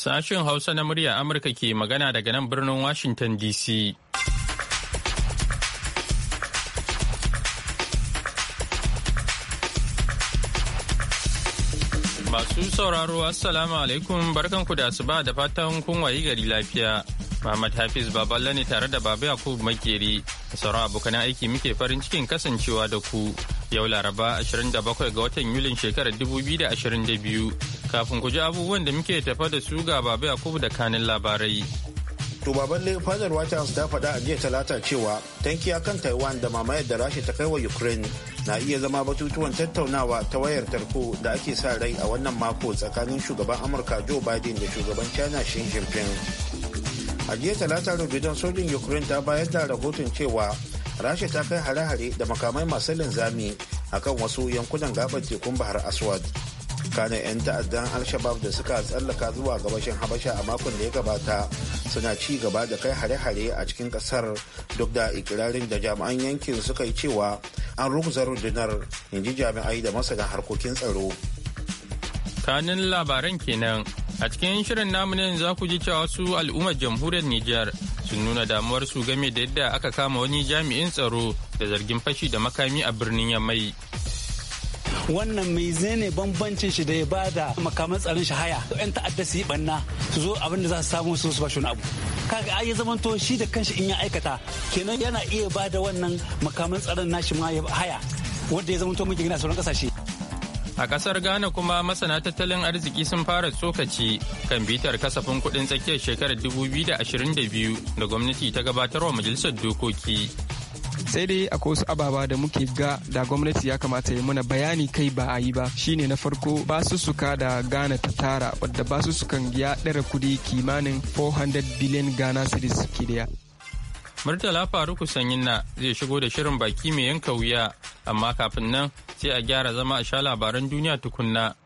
Sashen Hausa na murya Amurka ke magana daga nan birnin Washington DC. Masu sauraro Assalamu alaikum barkanku da asuba da fatan kun wayi gari lafiya. Muhammad Hafiz Baballe ne tare da Baba Yakubu Makeri da sauran abokan aiki muke farin cikin kasancewa da ku. Yau Laraba 27 ga watan Yulin shekarar 2022. Kafin ku ji abubuwan da muke tafa da su ga Baba Yakubu da kanin labarai. To baballe fadar White House ta faɗa a jiya talata cewa tankiya kan Taiwan da mamayar da Rasha ta kai wa Ukraine na iya zama batutuwan tattaunawa ta wayar tarko da ake sa rai a wannan mako tsakanin shugaban Amurka Joe Biden da shugaban China Xi Jinping. A jiya talata rubidan sojin Ukraine ta bayar da rahoton cewa Rasha ta kai hare-hare da makamai masu linzami akan wasu yankunan gabar tekun Bahar Aswad. tsakanin 'yan ta'addan al-shabab da suka tsallaka zuwa gabashin habasha a makon da ya gabata suna ci gaba da kai hare-hare a cikin kasar duk da ikirarin da jami'an yankin suka yi cewa an ruguza rundunar inji jami'ai da masana harkokin tsaro kanin labaran kenan a cikin shirin namu ne za ku ji cewa su al'ummar jamhuriyar nijar sun nuna damuwar su game da yadda aka kama wani jami'in tsaro da zargin fashi da makami a birnin yamai wannan mai zene bambancin shi da ya bada makaman tsaron shi haya yan ta'adda su yi banna su zo abin da za su samu su su ba shi abu kaga ai ya zamanto shi da kanshi in ya aikata kenan yana iya bada wannan makaman tsaron nashi ma ya haya wanda ya zamanto muke gina sauran kasashe A kasar Ghana kuma masana tattalin arziki sun fara tsokaci kan bitar kasafin kuɗin tsakiyar shekarar 2022 da gwamnati ta gabatar wa majalisar dokoki sai dai akwai wasu ababa da muke ga da gwamnati ya kamata ya mana bayani kai ba a yi ba shine na farko suka da gana ta tara wadda sukan ya dara kudi kimanin 400 billion ghana cedis ke da Murtala Faruku Sanyinna zai shigo da shirin baki mai yanka wuya, amma kafin nan sai a gyara zama a sha labaran duniya tukunna.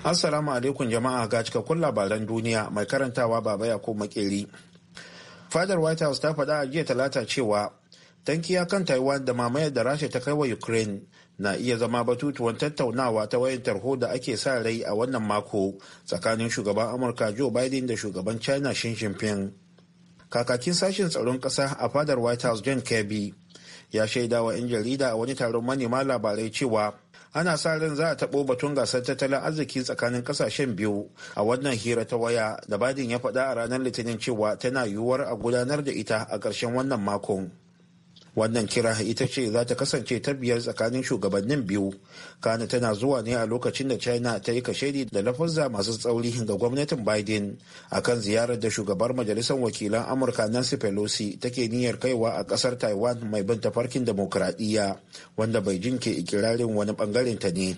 Assalamu alaikum jama'a ga cikakkun labaran duniya mai karantawa baba ya makeri. Fadar White House ta faɗa a jiya talata cewa tankiya kan Taiwan da mamayar da Rasha ta kai wa Ukraine na iya zama batutuwan tattaunawa ta wayan tarho da ake sa rai a wannan mako tsakanin shugaban Amurka Joe Biden da shugaban China Xi Jinping. Kakakin sashen tsaron ƙasa a fadar White House John Kirby ya shaidawa 'yan jarida a wani taron manema labarai cewa ana sa ran za a taɓo batun gasar tattalin arziki tsakanin ƙasashen biyu a wannan hira ta waya da badin ya faɗa a ranar litinin cewa tana yiwuwar a gudanar da ita a ƙarshen wannan makon wannan kira ita ce za ta kasance ta biyar tsakanin shugabannin biyu kana tana zuwa ne a lokacin da china ta yi kashedi da lafazza masu tsauri ga gwamnatin biden akan ziyarar da shugabar majalisar wakilan amurka nancy pelosi take niyyar kaiwa a kasar taiwan mai bin tafarkin demokradiyya wanda beijing ke ikirarin wani bangaren ta ne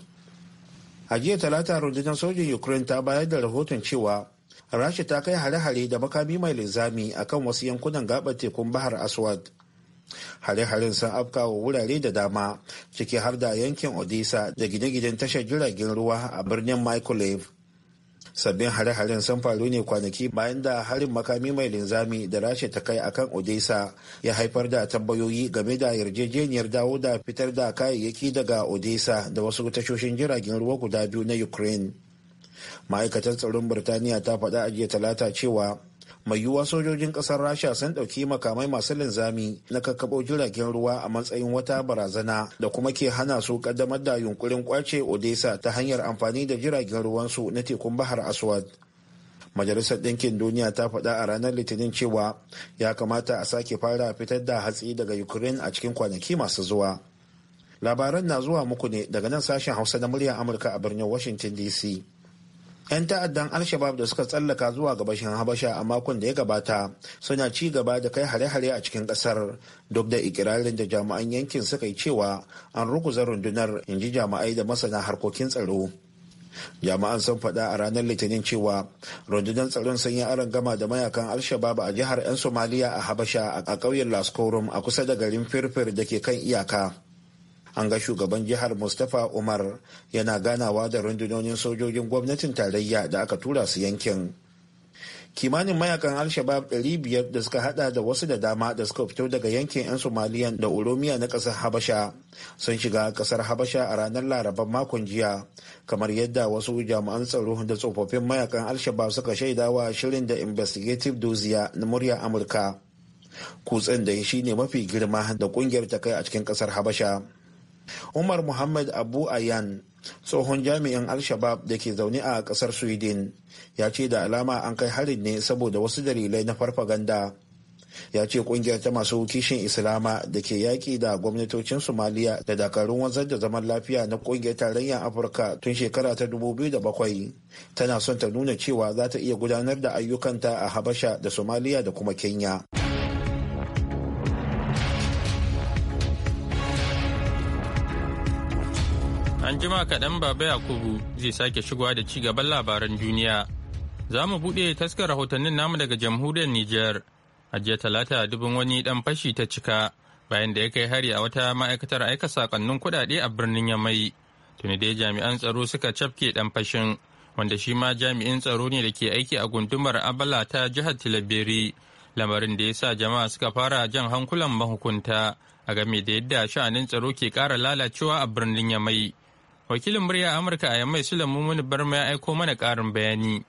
a jiya talata rundunar sojin ukraine ta bayar da rahoton cewa rasha ta kai hare-hare da makami mai linzami akan wasu yankunan gabar tekun bahar aswad hare-haren sun afka wa wurare da dama ciki har da yankin odisa da gine-ginen tashar jiragen ruwa a birnin microwave sabbin hare-haren sun faru ne kwanaki bayan da harin makami mai linzami da rashe ta kai akan Odisa ya haifar da tambayoyi game da yarjejeniyar dawo da fitar da kayayyaki daga Odisa da wasu tashoshin jiragen ruwa guda biyu na ukraine ma'aikatar tsaron birtaniya ta faɗa a jiya talata cewa mai yiwuwa sojojin ƙasar rasha sun ɗauki makamai masu linzami na kakkaɓo jiragen ruwa a matsayin wata barazana da kuma ke hana su ƙaddamar da yunkurin kwace odessa ta hanyar amfani da jiragen ruwansu na tekun bahar aswad majalisar ɗinkin duniya ta faɗa a ranar litinin cewa ya kamata a sake fara fitar da hatsi daga ukraine a cikin kwanaki masu zuwa labaran na zuwa muku ne daga nan sashen hausa na muryar amurka a birnin washington dc 'yan ta'addan al-shabab da suka tsallaka zuwa gabashin habasha a makon da ya gabata suna ci gaba da kai hare-hare a cikin kasar duk da ikirarin da jami'an yankin suka yi cewa an ruguza rundunar in ji jami'ai da masana harkokin tsaro jami'an sun faɗa a ranar litinin cewa rundunar tsaron sun yi aron gama da mayakan al-shabab a jihar 'yan somaliya a habasha a ƙauyen laskorum a kusa da garin firfir da ke kan iyaka an ga shugaban jihar mustapha umar yana ganawa da rundunonin sojojin gwamnatin tarayya da aka tura su yankin kimanin mayakan al-shabab 500 da suka hada da wasu da dama da suka fito daga yankin 'yan somaliyan da oromiya na kasar habasha sun shiga kasar habasha a ranar laraban makon jiya kamar yadda wasu jami'an tsaro da tsofaffin mayakan al-shabab suka shaidawa shirin da investigative doziya na murya amurka kutsen da shi ne mafi girma da kungiyar ta kai a cikin kasar habasha umar muhammad abu ayan tsohon jami'in al-shabab da ke zaune a kasar sweden ya ce da alama an kai harin ne saboda wasu dalilai na farfaganda ya ce kungiyar ta masu kishin islama da ke yaƙi da gwamnatocin Somalia da dakarun wanzar da zaman lafiya na kungiyar tarayyar afirka tun shekara ta 2007 tana son ta nuna cewa za ta iya gudanar da ayyukanta a habasha da Somalia da kuma kenya An jima kaɗan Baba Yakubu zai sake shigowa da ci gaban labaran duniya. Za mu buɗe taskar rahotannin namu daga jamhuriyar niger A jiya talata dubin wani ɗan fashi ta cika bayan da ya kai hari a wata ma'aikatar aika sakonnin kuɗaɗe a birnin Yamai. Tuni dai jami'an tsaro suka cafke ɗan fashin wanda shi ma jami'in tsaro ne da ke aiki a gundumar Abala ta jihar Tilaberi. Lamarin da ya sa jama'a suka fara jan hankulan mahukunta a game da yadda sha'anin tsaro ke kara lalacewa a birnin Yamai. wakilin murya amurka a yammai su sulaimun barma ya aiko mana karin bayani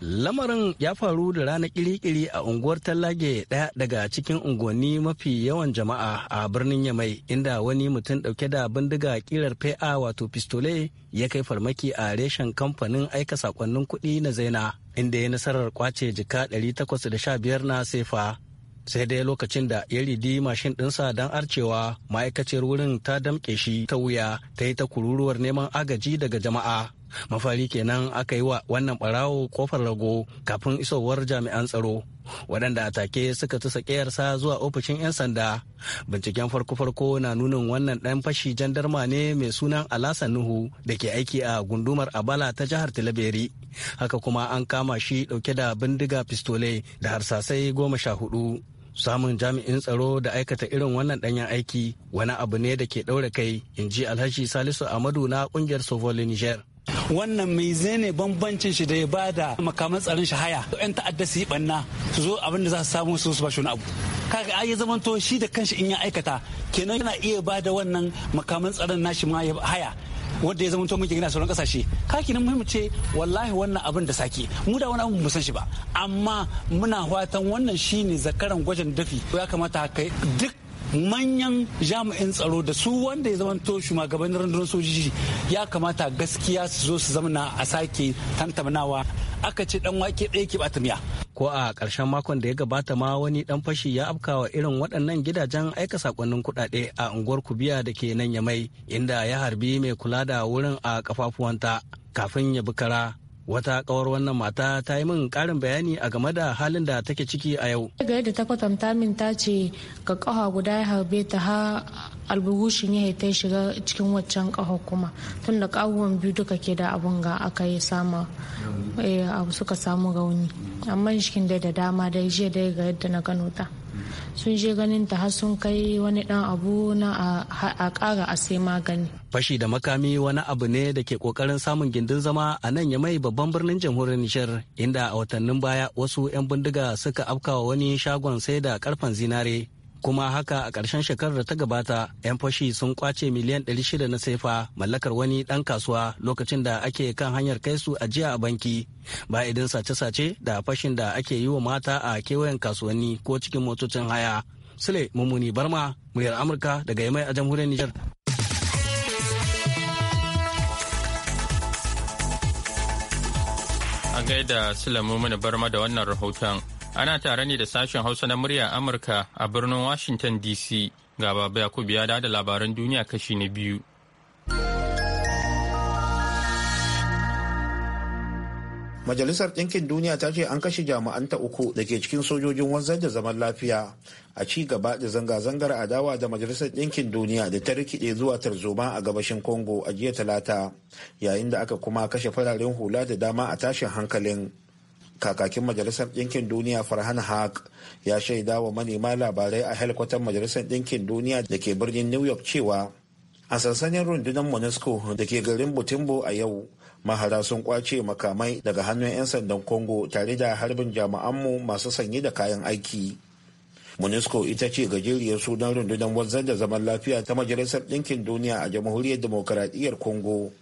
lamarin ya faru da rana kiri a unguwar tallage daya daga cikin unguwanni mafi yawan jama'a a birnin yamai inda wani mutum dauke da bindiga kirar fa wato pistole ya kai farmaki a reshen kamfanin aika sakonnin kuɗi na zaina inda ya nasarar kwace jika 815 na sefa sai dai lokacin da ya ridi mashin ɗinsa don arcewa ma'aikaciyar wurin ta damƙe shi ta wuya ta yi ta kururuwar neman agaji daga jama'a mafari kenan aka yi wa wannan barawo kofar rago kafin isowar jami'an tsaro waɗanda a take suka ta sa zuwa ofishin 'yan sanda binciken farko-farko na nunin wannan ɗan fashi jandarma ne mai sunan alasan nuhu da ke aiki a gundumar abala ta jihar tilaberi haka kuma an kama shi ɗauke da bindiga fistolai da harsasai goma sha hudu samun jami'in tsaro da aikata irin wannan danyen aiki wani abu ne da ke ɗaure kai in ji alhashi salisu amadu na ƙungiyar sovoli niger wannan mai zene bambancin shi da ya ba da makaman tsaron shi haya yan ta'adda su yi banna su zo abin da za su samu su ba shi wani abu kaga ai yi zamanto shi da kanshi in ya aikata kenan yana iya ba da wannan makaman tsaron nashi ma haya wanda ya zama to muke gina sauran kasashe kaki nan muhimmi ce wallahi wannan abin da sake mu da wani abin mu san shi ba amma muna fatan wannan shine zakaran gwajin dafi ya kamata kai duk manyan jami'in tsaro da su wanda ya zamanto shugabannin rundunar sojoji ya kamata gaskiya su zo su zamana a sake tantamnawa aka ce dan wake ɗaya ke bata Ko a karshen makon da ya gabata ma wani dan fashi ya afkawa irin waɗannan gidajen aika sakonnin kuɗaɗe a unguwar Kubiya da ke nan Yamai inda ya harbi mai kula da wurin a kafafuwanta kafin ya bi wata kawar wannan mata ta yi min karin bayani a game da halin da take ciki a yau daga yadda ta kwatanta min ta ce ga kawa guda ya harbe ta ha albugushin ya ta shiga cikin waccan kawa kuma tun da kawuwan biyu duka ke da abun ga aka yi sama eh, suka samu rauni amma shikin dai da dama dai jiya dai ga yadda na gano ta sun je ganin ta har sun kai wani dan abu na a kara a sai magani fashi da makami wani abu ne da ke kokarin samun gindin zama a nan ya mai babban birnin jamhuriyar nishar inda a watannin baya wasu 'yan bindiga suka afkawa wani shagon sai da karfen zinare kuma haka a ƙarshen shekarar da ta gabata 'yan fashi sun kwace miliyan 600 na saifa mallakar wani ɗan kasuwa lokacin da ake kan hanyar kai su ajiya a banki ba idan sace-sace da fashin da ake yi wa mata a kewayen kasuwanni ko cikin motocin haya sule mummuni barma muryar amurka daga yamai a jamhuriyar nijar an gaida sule mummuni barma da wannan rahoton Ana tare ne da sashen Hausa na murya Amurka a birnin Washington DC. Ga Baba Yakubu ya da labaran duniya kashi na biyu. Majalisar Ɗinkin Duniya ta ce an kashe jami'anta uku da ke cikin sojojin wanzar da zaman lafiya a ci gaba da zanga-zangar adawa da Majalisar Ɗinkin Duniya da ta rikide zuwa tarzoma a gabashin Congo a jiya talata yayin da aka kuma kashe fararen hula da dama a tashin hankalin. kakakin majalisar ɗinkin duniya farhan haq ya shaida wa manema labarai a helikwatar majalisar ɗinkin duniya da ke birnin new york cewa a sansanin rundunar monusco da ke garin butimbo a yau mahara sun kwace makamai daga hannun 'yan sandan congo tare da harbin jami'anmu masu sanyi da kayan aiki monusco ita ce gajeriyar sunan rundunar wanzar da zaman lafiya ta majalisar ɗinkin duniya a jamhuriyar demokaradiyyar congo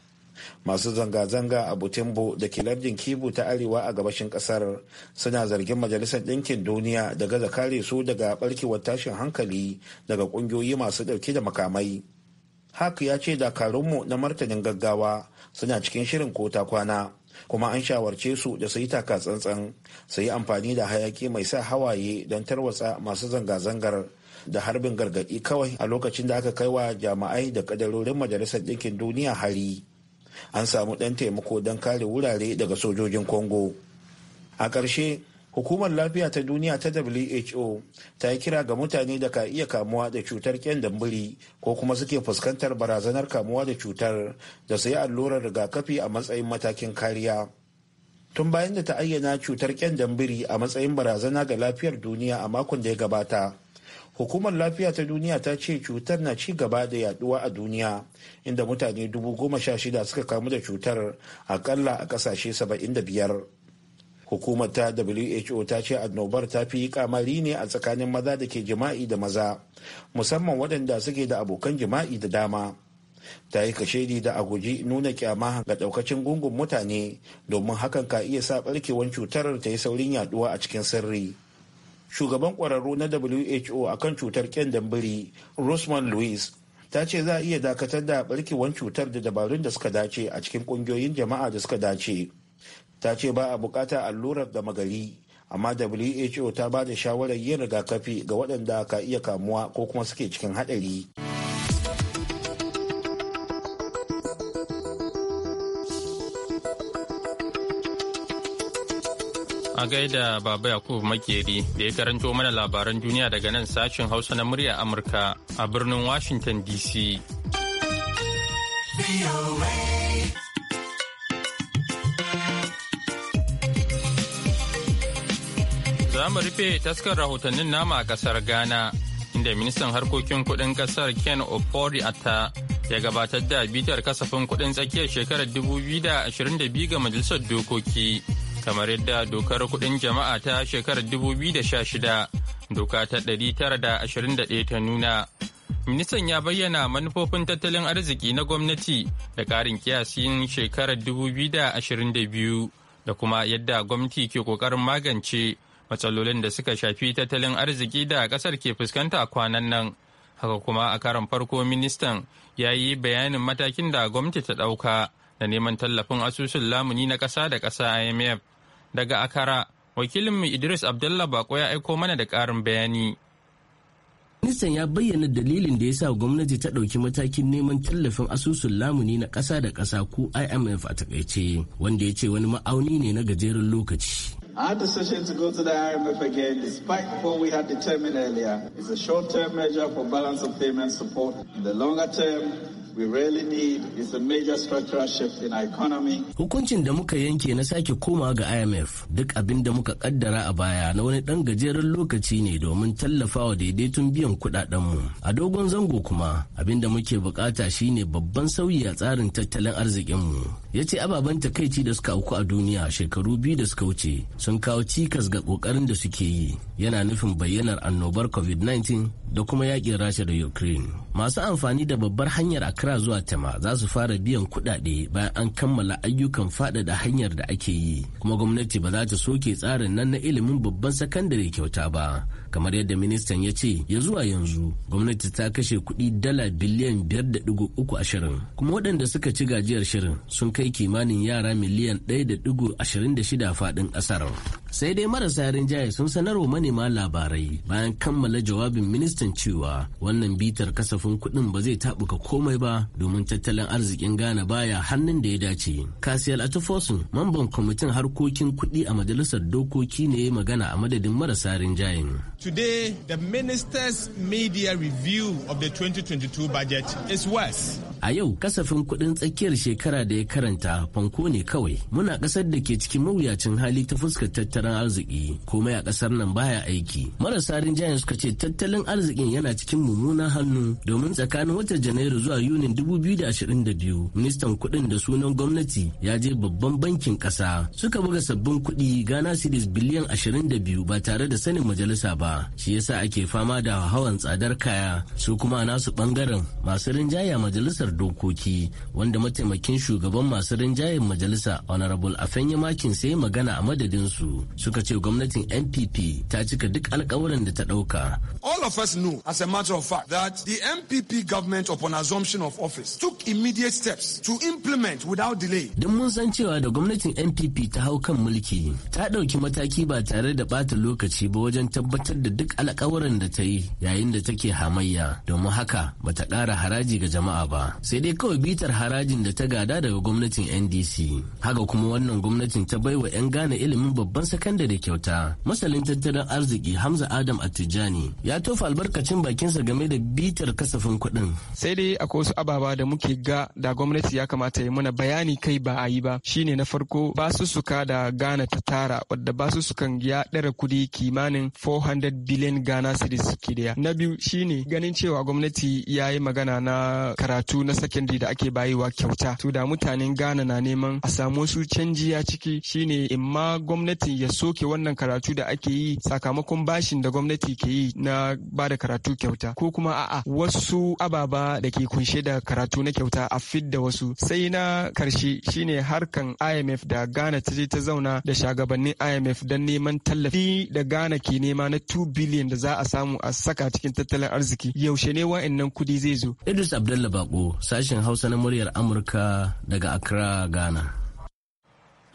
masu zanga-zanga a butembo da ke lardin kibu ta arewa a gabashin kasar suna zargin majalisar ɗinkin duniya da gaza kare su daga ɓarkewar tashin hankali daga ƙungiyoyi masu ɗauke da makamai hak ya ce dakarunmu na martanin gaggawa suna cikin shirin kota kwana kuma an shawarce su da su yi taka tsantsan su yi amfani da hayaki mai sa hawaye don tarwatsa masu zanga-zangar da harbin gargaɗi kawai a lokacin da aka kai wa jama'ai da kadarorin majalisar ɗinkin duniya hari an samu ɗan taimako don kare wurare daga sojojin congo a ƙarshe hukumar lafiya ta duniya ta who ta yi kira ga mutane da ka iya kamuwa da cutar dambiri ko kuma suke fuskantar barazanar kamuwa da cutar da su yi allurar rigakafi a matsayin matakin kariya tun bayan da ta ayyana cutar dambiri a matsayin barazana ga lafiyar duniya a makon da ya gabata hukumar lafiya ta duniya ta ce cutar na ci gaba da yaduwa a duniya inda mutane dubu goma sha shida suka kamu da cutar akalla a kasashe saba'in da biyar hukumar ta who ta ce annobar ta fi kamari ne a tsakanin maza da ke jima'i da maza musamman waɗanda suke da abokan jima'i da dama ta yi kashedi da a aguji nuna kyama ga ɗaukacin gungun mutane domin hakan ka iya sa barkewar cutar ta yi saurin yaduwa a cikin sirri shugaban kwararru na who kan cutar kyandambiri rosman louis ta ce za a iya dakatar da barkewar cutar da dabarun da suka dace a cikin kungiyoyin jama'a da suka dace ta ce ba a bukata allurar gama gari amma who ta ba da shawarar yin rigakafi ga waɗanda ka iya kamuwa ko kuma suke cikin haɗari. A da Baba yakub Makeri da ya karanto mana labaran duniya daga nan sashen Hausa na murya Amurka a birnin Washington DC. Za mu rufe taskar rahotannin nama a kasar Ghana, inda ministan harkokin kudin kasar Ken Ofori ata ya gabatar da bitar kasafin kudin tsakiyar shekarar 2022 ga majalisar dokoki. kamar yadda dokar kudin jama'a ta shekarar 2016 doka ta 921 ta nuna ministan ya bayyana manufofin tattalin arziki na gwamnati da karin kiyasin shekarar 2022 da kuma yadda gwamnati ke kokarin magance matsalolin da suka shafi tattalin arziki da kasar ke fuskanta kwanan nan haka kuma a karan farko ministan ya yi bayanin matakin da gwamnati ta ɗauka da neman tallafin asusun lamuni na ƙasa da ƙasa imf Daga Akara, wakilinmu Idris Abdullah Bako ya aiko mana da ƙarin bayani. Ministan ya bayyana dalilin da ya sa gwamnati ta ɗauki matakin neman tallafin asusun lamuni na ƙasa da ƙasa ko IMF a takaice, wanda ya ce wani ma'auni ne na gajeren lokaci. Our decision to go to the IMF again, despite what we had determined earlier, is a short-term measure for balance of payment support. In the longer term, Hukuncin da muka yanke na sake koma ga IMF duk abin da muka kaddara a baya na wani ɗan gajeren lokaci ne domin tallafawa daidaiton biyan mu A dogon zango kuma abin da muke bukata shine babban sauyi a tsarin tattalin arzikinmu. Ya ce ababen takaici da suka auku a duniya shekaru biyu da suka wuce sun kawo cikas ga ƙoƙarin da suke yi yana nufin bayyanar annobar covid-19 da kuma yakin rasha da ukraine masu amfani da babbar hanyar Accra zuwa Tema za su fara biyan kuɗaɗe bayan an kammala ayyukan faɗaɗa hanyar da ake yi kuma gwamnati ba za ta soke tsarin nan na ilimin babban sakandare kyauta ba kamar yadda ministan ya ce ya zuwa yanzu gwamnati ta kashe kuɗi dala biliyan 5.3 ashirin kuma waɗanda suka ci gajiyar shirin sun kai kimanin yara miliyan 1.26 faɗin ƙasar sai dai marasa rinjaye sun sanar wa manema labarai bayan kammala jawabin ministan cewa wannan bitar kasafin kuɗin ba zai taɓuka komai ba domin tattalin arzikin ghana baya hannun da ya dace kasiyar atufosun mamban kwamitin harkokin kuɗi a majalisar dokoki ne ya magana a madadin marasa rinjayen today the ministers media review of the 2022 budget is worse a yau kasafin kuɗin tsakiyar shekara da ya karanta fanko ne kawai muna kasar da ke cikin mawuyacin hali ta fuskar tattalin tattalin arziki komai a kasar nan baya aiki marasa rinjayen suka ce tattalin arzikin yana cikin mummunan hannu domin tsakanin watan janairu zuwa yunin 2022 ministan kuɗin da sunan gwamnati ya je babban bankin ƙasa suka buga sabbin kuɗi gana cedis biliyan 22 ba tare da sanin majalisa ba shi yasa ake fama da hawan tsadar kaya su kuma nasu bangaren masu rinjaya majalisar dokoki wanda mataimakin shugaban masu rinjayen majalisa honorable afenya makin sai magana a madadin su suka ce gwamnatin NPP ta cika duk alkawarin da ta ɗauka. All of us know as a matter of fact that the NPP government upon assumption of office took immediate steps to implement without delay. Duk mun san cewa da gwamnatin NPP ta hau kan mulki ta ɗauki mataki ba tare da bata lokaci ba wajen tabbatar da duk alkawarin da ta yi yayin da take hamayya domin haka ba ta ƙara haraji ga jama'a ba sai dai kawai bitar harajin da ta gada daga gwamnatin NDC haka kuma wannan gwamnatin ta baiwa 'yan gane ilimin babban saka. da kyauta masalin tattalin arziki hamza adam attijani ya tofa albarkacin bakinsa game da bitar kasafin kuɗin sai dai akwai wasu ababa da muke ga da gwamnati ya kamata ya mana bayani kai ba a yi ba shine na farko basussuka da ghana ta tara wadda basussukan ya ɗara kudi kimanin 400 billion ghana cedis da na biyu shine ganin cewa gwamnati ya yi magana na karatu na sakandare da ake bayiwa kyauta to da mutanen ghana na neman a samu wasu canji ya ciki shine imma gwamnatin ya soke wannan karatu da ake yi sakamakon bashin da gwamnati ke yi na ba da karatu kyauta ko kuma a'a wasu ababa da ke kunshe da karatu na kyauta a fit da wasu sai na karshe shine harkan IMF da Ghana ta je ta zauna da shagabannin IMF don neman tallafi da Ghana ke nema na 2 billion da za a samu a saka cikin tattalin arziki yaushe ne wa'annan kudi zai zo. Idris abdullahi Bako sashen Hausa na muryar Amurka daga Accra Ghana.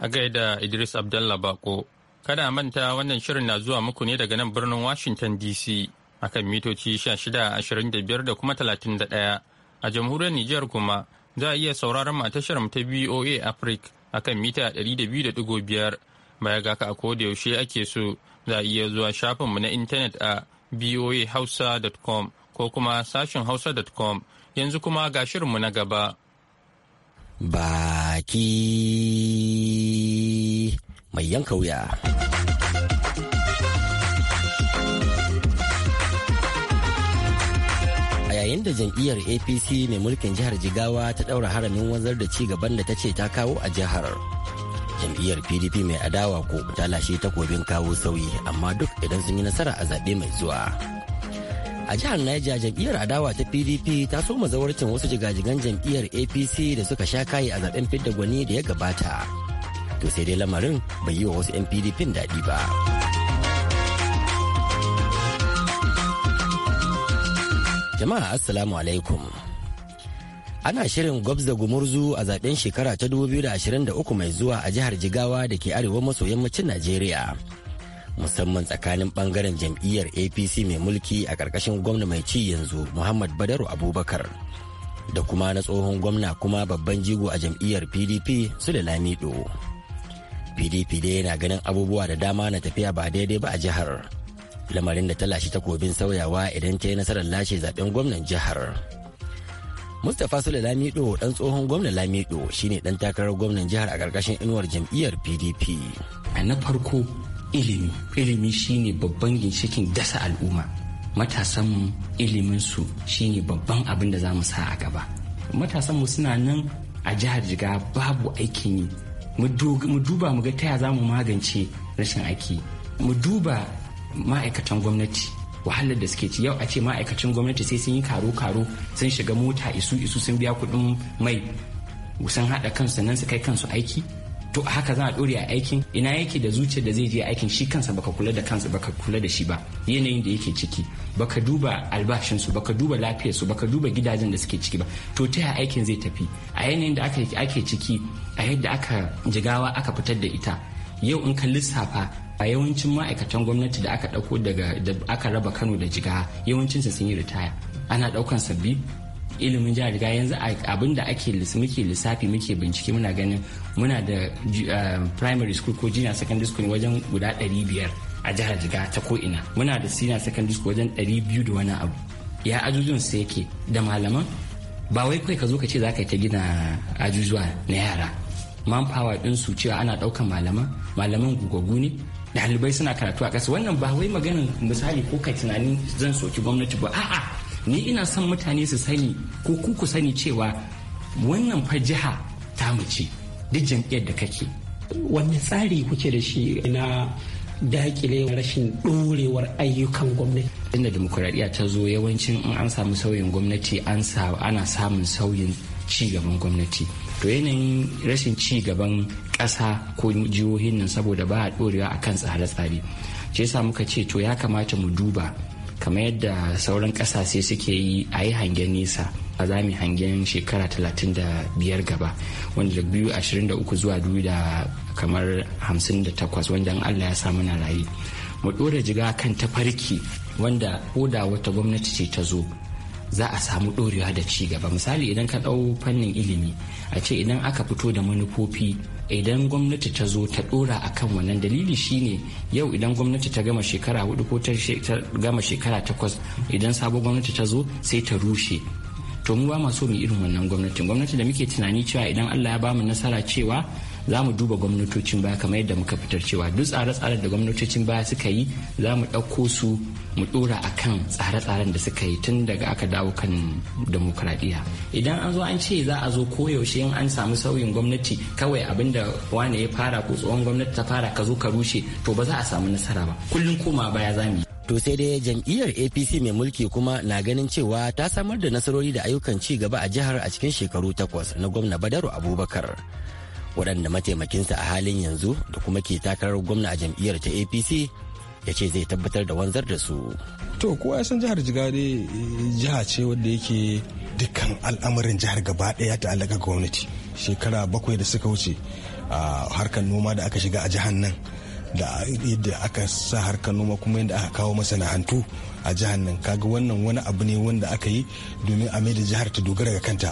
A gaida Idris abdullahi Bako Kada manta wannan shirin na zuwa muku ne daga nan birnin Washington DC kan mitoci 1625 da kuma 31 a jamhuriyar Nijar kuma za a iya sauraron mu a ta BOA Africa akan mita 200.5 baya ga ka a koda yaushe ake so za a iya zuwa shafinmu na intanet a boahausa.com ko kuma sashen hausa.com yanzu kuma ga shirinmu na gaba. Baki mai yanka wuya. A yayin da jam'iyyar APC mai mulkin jihar Jigawa ta ɗaura haramin wanzar da ci gaban da ta ce ta kawo a jihar. Jam'iyyar PDP mai adawa ko ta lashe takobin kawo sauyi amma duk idan sun yi nasara a zaɓe mai zuwa. a jihar Niger jam'iyyar adawa ta PDP ta so mazawarcin wasu jigajigan jam'iyyar APC da suka sha kayi a zaɓen fidda gwani da ya gabata to sai dai lamarin bai yi wa wasu 'yan pdp daɗi ba jama'a assalamu alaikum ana shirin gwabza gumurzu a zaben shekara ta 2023 mai zuwa a jihar jigawa da ke arewa maso yammacin najeriya musamman tsakanin bangaren jam'iyyar apc mai mulki a ƙarƙashin gwamna mai ci yanzu muhammad badaru abubakar da kuma na tsohon gwamna kuma babban jigo a jam'iyyar pdp su da lamido fide-fide yana ganin abubuwa da dama na tafiya ba daidai ba a jihar lamarin da ta lashe takobin sauyawa idan ta yi nasarar lashe zaben gwamnan jihar mustapha sule lamido dan tsohon gwamnan lamido shine dan takarar gwamnan jihar a karkashin inuwar jam'iyyar pdp a na farko ilimi ilimi shine babban ginshikin dasa al'umma matasanmu su shine babban abin da za mu sa a gaba matasanmu suna nan a jihar jiga babu aikin yi mu duba mu ga taya za mu magance rashin aiki mu duba ma'aikatan gwamnati wahalar da suke ci yau a ce ma'aikacin gwamnati sai sun yi karo-karo sun shiga mota isu isu sun biya kuɗin mai sun haɗa kansu nan su kai kansu aiki to haka za a dore a aikin ina yake da zuciyar da zai je aikin shi kansa baka kula da kansa baka kula da shi ba yanayin da yake ciki baka duba albashinsu baka duba lafiyarsu baka duba gidajen da suke ciki ba to ta yaya aikin zai tafi a yanayin da ake ciki a yadda aka jigawa aka fitar da ita yau in ka lissafa a yawancin ma'aikatan gwamnati da aka dauko daga da aka raba kano da jigawa yawancin sun yi ritaya ana ɗaukan sabbi ilimin jihar riga yanzu abin da ake muke lissafi muke bincike muna ganin muna da eh, primary school ko junior secondary school wajen guda 500 a jihar riga ta ko muna da senior secondary school wajen 200 da wani abu ya ajujun su yake da malaman ba wai kai ka zo ka ce za ka yi ta gina ajujuwa na yara manpower din su cewa ana daukan malaman malaman gugagu ne ɗalibai suna karatu a ƙasa wannan ba wai maganin misali ko kai tunanin zan soki gwamnati ba a'a ni ina son mutane su sani ko ku ku sani cewa wannan fa jiha ta mace duk jam'iyyar da kake wani tsari kuke da shi na dakile rashin ɗorewar ayyukan gwamnati inda demokuraɗiyya ta zo yawancin in an samu sauyin gwamnati an ana samun sauyin ci gaban gwamnati to yanayin rashin ci gaban ƙasa ko jihohin nan saboda ba a ɗorewa akan tsare-tsare ce sa muka ce to ya kamata mu duba kamar yadda sauran ƙasashe suke yi a yi hangen nisa a zami hangen shekara 35 gaba wanda da biyu zuwa dubu da kamar 58 wanda allah ya samu na rayu mu ɗora jiga kan tafarki wanda ko da wata gwamnati ce ta zo za a samu ɗorewa da ci gaba misali idan ka ɗau fannin ilimi a ce idan aka fito da manufofi idan gwamnati ta zo ta ɗora a kan wannan dalili shine yau idan gwamnati ta gama shekara hudu ko ta gama shekara takwas idan sabon gwamnati ta zo sai ta rushe to mu ba masu so mu irin wannan gwamnatin gwamnati da muke tunani cewa idan Allah ya bamu nasara cewa za mu duba gwamnatocin baya kamar yadda muka fitar cewa duk tsare-tsaren da gwamnatocin baya suka yi za mu ɗauko su mu ɗora a kan tsare-tsaren da suka yi tun daga aka dawo kan demokuraɗiyya idan an zo an ce za a zo koyaushe in an samu sauyin gwamnati kawai abin da wane ya fara ko tsohon gwamnati ta fara ka zo ka rushe to ba za a samu nasara ba kullum koma baya za mu To sai dai jam'iyyar APC mai mulki kuma na ganin cewa ta samar da nasarori da ayyukan ci gaba a jihar a cikin shekaru takwas na gwamna Badaru Abubakar. waɗanda mataimakinsa a halin yanzu da kuma ke takarar gwamna a jam'iyyar ta apc ya ce zai tabbatar da wanzar da su to kowa ya san jihar jigare eh, jiha ce wadda yake dukkan al'amarin jihar gaba ɗaya ta alaƙa gwamnati shekara bakwai da suka wuce a ah, harkar noma da aka shiga a jihar nan da yadda aka sa harkar noma kuma yadda aka kawo masana'antu a jihar nan kaga wannan wani abu ne wanda aka yi domin a da jihar ta dogara ga kanta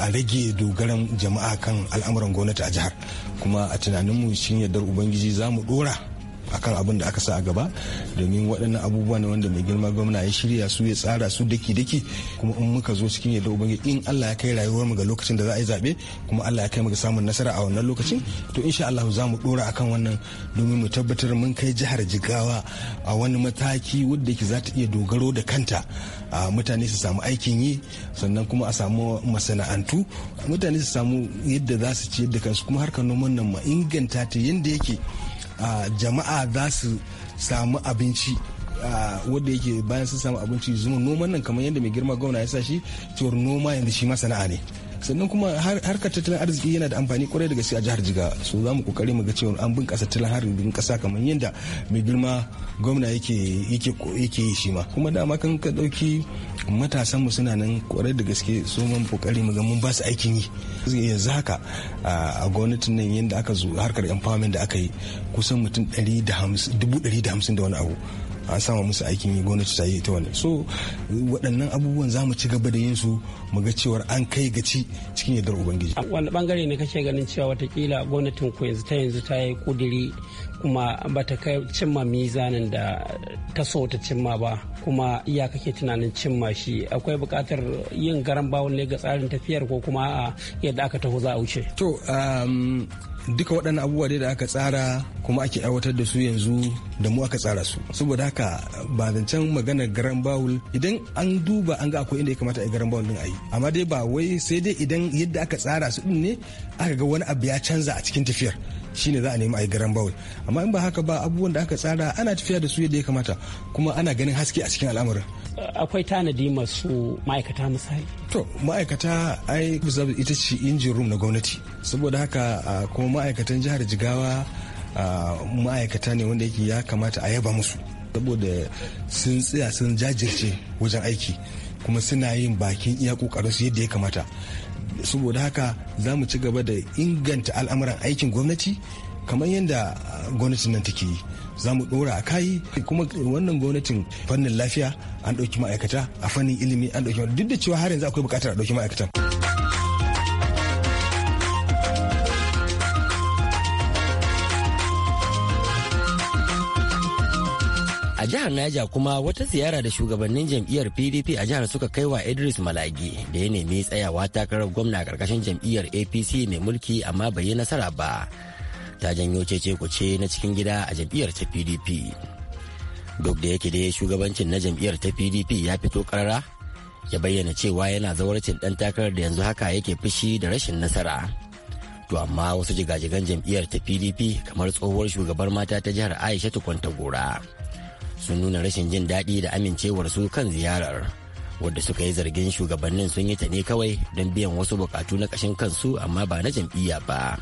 a rage dogaran jama'a kan al'amuran gwamnati a jihar kuma a tunaninmu shin yardar ubangiji za mu dora akan abin da aka sa a gaba domin waɗannan abubuwa ne wanda mai girma gwamna ya shirya su ya tsara su daki-daki kuma in muka zo cikin yadda ubangi in Allah ya kai rayuwar mu ga lokacin da za a yi zaɓe kuma Allah ya kai mu ga samun nasara a wannan lokacin to insha Allah za mu dora akan wannan domin mu tabbatar mun kai jihar Jigawa a wani mataki wadda ke za ta iya dogaro da kanta a mutane su samu aikin yi sannan kuma a samu masana'antu mutane su samu yadda za su ci yadda kansu kuma harkar noman nan ma inganta ta yadda yake jama'a za su samu abinci wanda yake bayan sun samu abinci zuma noman nan kamar yadda mai girma gwamna ya sa shi cewar noma yanzu shi masana'a ne sannan kuma harkar tattalin arziki yana da amfani kwarai da gaske a jihar jiga so za mu kokari mu ga cewa an bunkasa tattalin arzikin kasa kamar yadda mai girma gwamna yake yake yi shi ma kuma dama kan ka dauki matasan mu suna nan kwarai da gaske so mun kokari mu ga mun ba su aikin yi yanzu haka a gwamnatin nan yadda aka zo harkar empowerment da aka yi kusan mutum 150 da wani abu a sama musu aikin yi gwamnati ta yi ita wannan so waɗannan abubuwan za mu ci gaba da yin su mu ga cewar an kai gaci cikin yardar ubangiji wani bangare ne kake ganin cewa watakila gwamnatin ku yanzu ta yanzu ta yi kudiri kuma ba ta kai cimma mizanin da ta so ta cimma ba kuma iya kake tunanin cimma shi akwai buƙatar yin garan bawon ne ga tsarin tafiyar ko kuma a yadda aka taho za a wuce to um, duka waɗannan abubuwa dai da aka tsara kuma ake aiwatar da su yanzu da mu aka tsara su saboda haka ba zancen maganar garan bawul idan an duba an ga akwai inda ya kamata a garan bawul din a yi amma dai ba wai sai dai idan yadda aka tsara su din ne aka ga wani abu ya canza a cikin tafiyar shine za a nemi a yi garan bawul amma in ba haka ba abubuwan da aka tsara ana tafiya da su yadda ya kamata kuma ana ganin haske a cikin al'amarin akwai tanadi masu ma'aikata misali to ma'aikata ai ita ce injin room na gwamnati saboda haka kuma ma'aikatan jihar jigawa ma'aikata ne wanda yake ya kamata a yaba musu saboda sun tsaya sun jajirce wajen aiki kuma suna yin bakin iya kokarinsu yadda ya kamata saboda haka za mu ci gaba da inganta al'amuran aikin gwamnati kamar yadda gwamnatin nan take yi za mu dora a kayi kuma wannan gwamnatin fannin lafiya an ɗauki ma'aikata a fannin ilimi an ɗauki duk da cewa har yanzu akwai buƙatar a ɗauki ma'aikatan. jihar niger kuma wata ziyara da shugabannin jam'iyyar PDP a jihar suka kai wa Idris Malagi da ya nemi tsayawa takarar gwamna a ƙarƙashin jam'iyyar APC mai mulki amma bai yi nasara ba. Ta janyo cece kuce na cikin gida a jam'iyyar ta PDP. Duk da yake dai shugabancin na jam'iyyar ta PDP ya fito karara ya bayyana cewa yana zawarcin dan takarar da yanzu haka yake fushi da rashin nasara. To amma wasu jigajigan jam'iyyar ta PDP kamar tsohuwar shugabar mata ta jihar Aisha kwanta gora. sun nuna rashin jin daɗi da amincewar su kan ziyarar wadda suka yi zargin shugabannin sun yi ta ne kawai don biyan wasu bukatu na ƙashin kansu amma ba na jam'iyya ba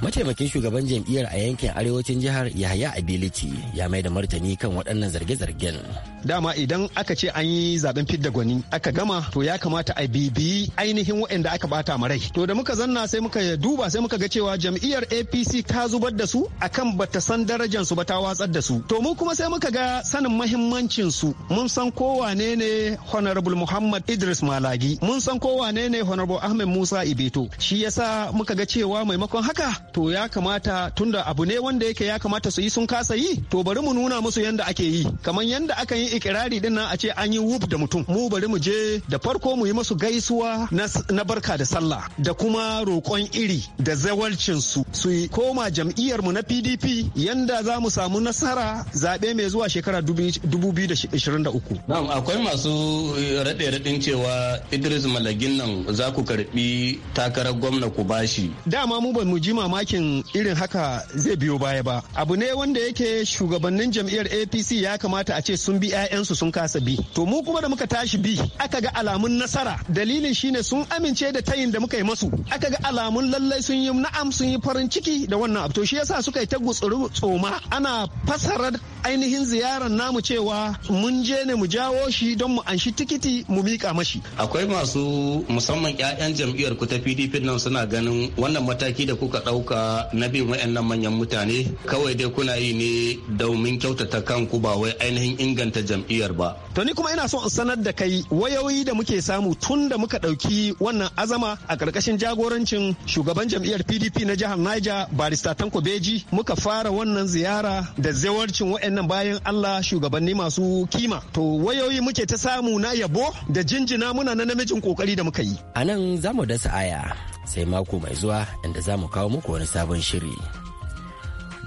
mataimakin shugaban jam'iyyar a yankin arewacin jihar yahaya Abiliti ya mai da martani kan waɗannan zarge-zargen dama idan aka ce an yi zaben fidda gwani aka gama to ya kamata a bibi ainihin waɗanda aka bata ma rai to da muka zanna sai muka duba sai muka ga cewa jam'iyyar APC ta zubar da su akan bata san darajar su ba ta watsar da su to mu kuma sai muka ga sanin mahimmancin su mun san ko wane ne honorable Muhammad Idris Malagi mun san ko wane ne honorable Ahmed Musa Ibeto shi yasa muka ga cewa maimakon haka to ya kamata tunda abu ne wanda yake ya kamata su yi sun kasa yi to bari mu nuna musu yadda ake yi kamar yadda aka yi ikirari din nan a ce an yi wuf da mutum mu bari mu je da farko mu yi masu gaisuwa na barka da sallah da kuma roƙon iri da zawalcin su su koma jam'iyyar mu na PDP yanda za mu samu nasara zaɓe mai zuwa shekara 2023 na'am akwai masu rade eh, radin cewa Idris Malagin nan za ku karbi takarar gwamna ku bashi dama mu ba mu ji mamakin irin haka zai biyo baya ba abu ne wanda yake shugabannin jam'iyyar APC ya kamata a ce sun bi 'ya'yansu sun kasa bi to mu kuma da muka tashi bi aka ga alamun nasara dalilin shine sun amince da tayin da muka yi masu aka ga alamun lallai sun yi na'am sun yi farin ciki da wannan abu to shi yasa suka yi ta gutsuru tsoma ana fasarar ainihin ziyarar namu cewa mun je ne mu jawo shi don mu anshi tikiti mu mika mashi akwai masu musamman 'ya'yan jam'iyyar ku ta PDP nan suna ganin wannan mataki da kuka ɗauka na bin wayannan manyan mutane kawai dai kuna yi ne domin kyautata kanku ba wai ainihin inganta jam'iyyar ba. To ni kuma ina so in sanar da kai wayoyi da muke samu tun da muka ɗauki wannan azama a ƙarƙashin jagorancin shugaban jam'iyyar PDP na jihar Niger barista Tanko Beji muka fara wannan ziyara da zawarcin waɗannan bayan Allah shugabanni masu kima. To wayoyi muke ta samu na yabo da jinjina muna na namijin ƙoƙari da muka yi. A nan za mu dasa aya sai mako mai zuwa inda za mu kawo muku wani sabon shiri.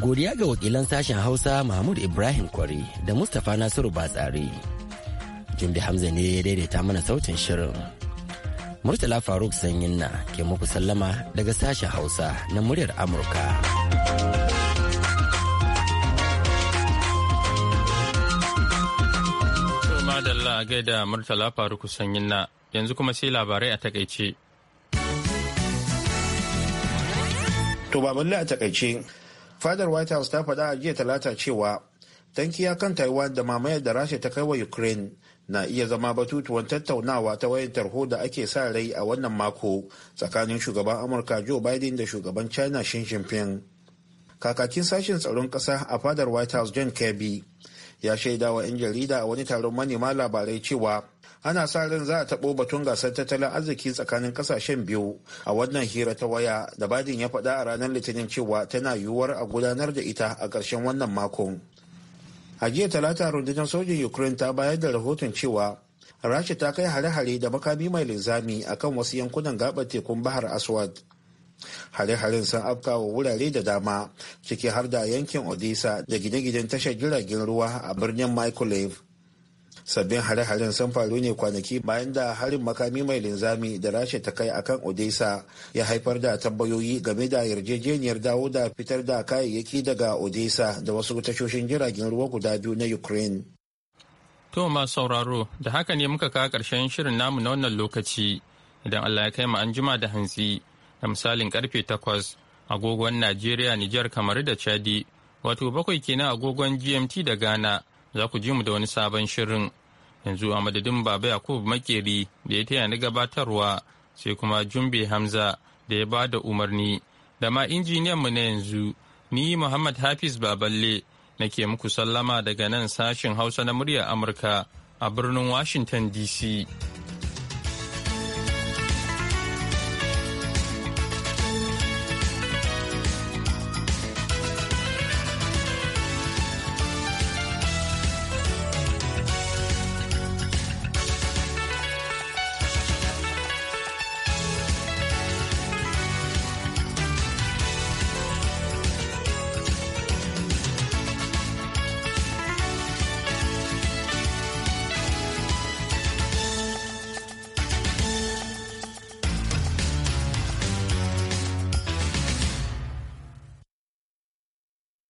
Godiya ga wakilan sashen Hausa Mahmud Ibrahim Kwari da Mustapha Nasiru Batsari. Jumbi Hamza ne ya daidaita mana sautin shirin. Murtala Faruk Sanyin na ke muku sallama daga sashen Hausa na muryar Amurka. Madalla a gaida Murtala Faruk Sanyin na yanzu kuma sai labarai a takaice. To baballe a takaice fadar white house ta faɗa a jiya talata cewa tankiya kan taiwan da mamayar da rasha ta kai wa ukraine na iya zama batutuwan tattaunawa ta wayan tarho da ake sa rai a wannan mako tsakanin shugaban amurka joe biden da shugaban china xi jinping kakakin sashen tsaron ƙasa a fadar white house john kirby ya shaida wa 'yan jarida a wani taron manema labarai cewa ana sa ran za a taɓo batun gasar tattalin arziki tsakanin ƙasashen biyu a wannan hira ta waya da badin ya faɗa a ranar litinin cewa tana yiwuwar a gudanar da ita a ƙarshen wannan makon a jiya talata rundunar sojin ukraine ta bayar da rahoton cewa rasha ta kai hare-hare da makami mai linzami akan wasu yankunan gabar tekun bahar aswad hare-haren sun afka wa wurare da dama ciki har da yankin odisa da gine-ginen tashar jiragen ruwa a birnin microwave sabbin hare-haren sun faru ne kwanaki bayan da harin makami mai linzami da rasha ta kai akan odessa ya haifar da tambayoyi game da yarjejeniyar dawo da fitar da kayayyaki daga odessa da wasu tashoshin jiragen ruwa guda biyu na ukraine to ma sauraro da haka ne muka kawo karshen shirin namu na wannan lokaci idan allah ya kai mu an jima da hantsi da misalin karfe takwas agogon najeriya nijar kamar da chadi wato bakwai kenan agogon gmt da ghana za ku ji mu da wani sabon shirin yanzu a madadin baba yakubu makeri da ya taya ni gabatarwa sai kuma jumbe hamza da ya ba da umarni da ma injiniyan mu na yanzu ni muhammad hafiz baballe nake muku sallama daga nan sashin hausa na muryar amurka a birnin washington dc